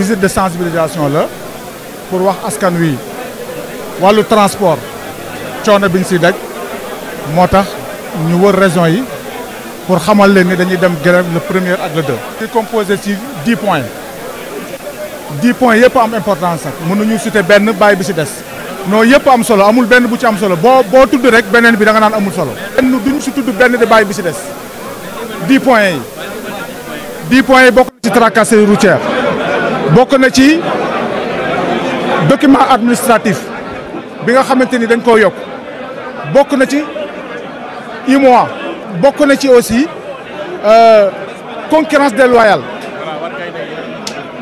visite de sensibilisation la pour wax askan wi wàllu transport coono biñ si daj moo tax ñu wër raison yi pour xamal leen ni dañuy dem grève le premier ak le deux. di composé ci dix points dix points yëpp am importance sax mënuñu citer benn bàyyi bi si des non yëpp am solo amul benn bu ci am solo boo boo tudd rek beneen bi da naan amul solo. benn duñ si tudd benn di bàyyi bi si des dix points yi dix points yi bokk ci tracasserie routière bokk na ci document administratif bi nga xamante ni dañ koo yokk bokk na ci UEMOA bokk na ci aussi euh, concurrence déloyale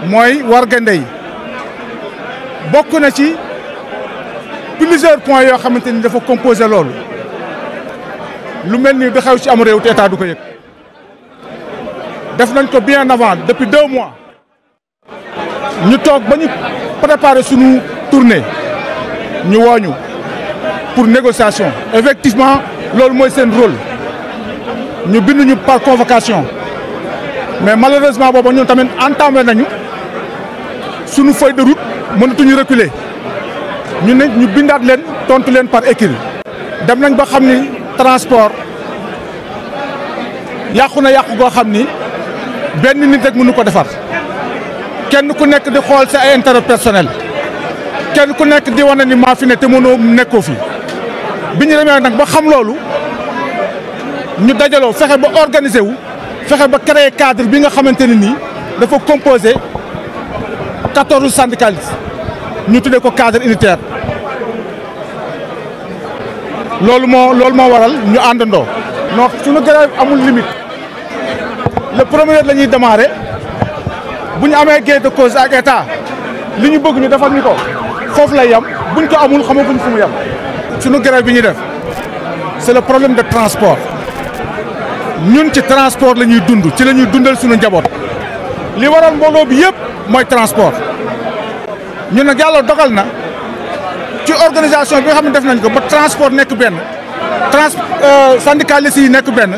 mooy warga ndey bokk na ci plusieurs points yoo xamante ni dafa composé loolu lu mel ni du xaw ci am réew te état du ko yëg def nañ ko bien avant depuis deux mois ñu toog ba ñu préparé suñu tournée ñu wooñu pour négociation effectivement loolu mooy seen rôle ñu bind ñu par convocation mais malheureusement booba ñun tamit entamé nañu sunu foy de route mënatuñu reculer ñu ne ñu bindaat leen tontu leen par écrit dem nañ ba xam ni transport yàqu na yàqu goo xam ni benn nit rek mënu ko defar kenn ku nekk di xool sa ay intérêt personnel kenn ku nekk di wane ni maa fi ne te mënoo nekkoo fi bi ñu demee nag ba xam loolu ñu dajaloo fexe ba organiser wu fexe ba créer cadre bi nga xamante ne nii dafa composé quatorze syndicalistes ñu tuddee ko cadre unitaire loolu moo loolu moo waral ñu àndandoo. non suñu grève amul limite le premier la ñuy bu ñu amee gain de cause ak état li ñu bëgg ñu defal ñu ko foofu lay yem buñ ko amul xamaguñ fu mu yem. suñu grève bi ñuy def c'est le problème de transport ñun ci transport lañuy dund ci la ñuy dundal suñu njaboot li waral mbooloo bi yëpp mooy transport ñun nag yàlla dogal na ci organisation bi nga xam ne def nañ ko ba transport nekk benn trans euh, syndicalistes si nekk benn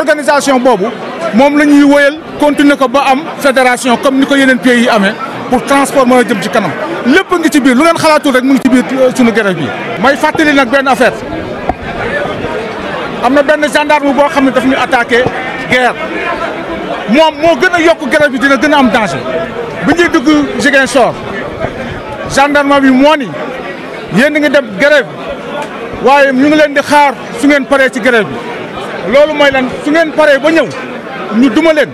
organisation boobu. moom la ñuy wóyal continuer ko ba am fédération comme ni ko yeneen pays yi amee pour transport mën a jëm ci kanam lépp ngi ci biir lu ngeen xalaatul rek mu ngi ci biir euh, suñu grève bi. may fàttali nag benn affaire am na benn gendarme boo xam ne dafa ñu attaqué guerre moom moo gën a yokk grève bi dina gën a am danger bi ñuy dugg Ziguinchor gendarme bi moo ni yéen ngi dem grève waaye ñu ngi leen di xaar su ngeen paree ci grève bi loolu mooy lan su ngeen paree ba ñëw. ñu duma leen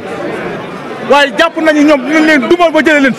waaye jàpp nañu ñoom dinañ leen duma ba jëlee leen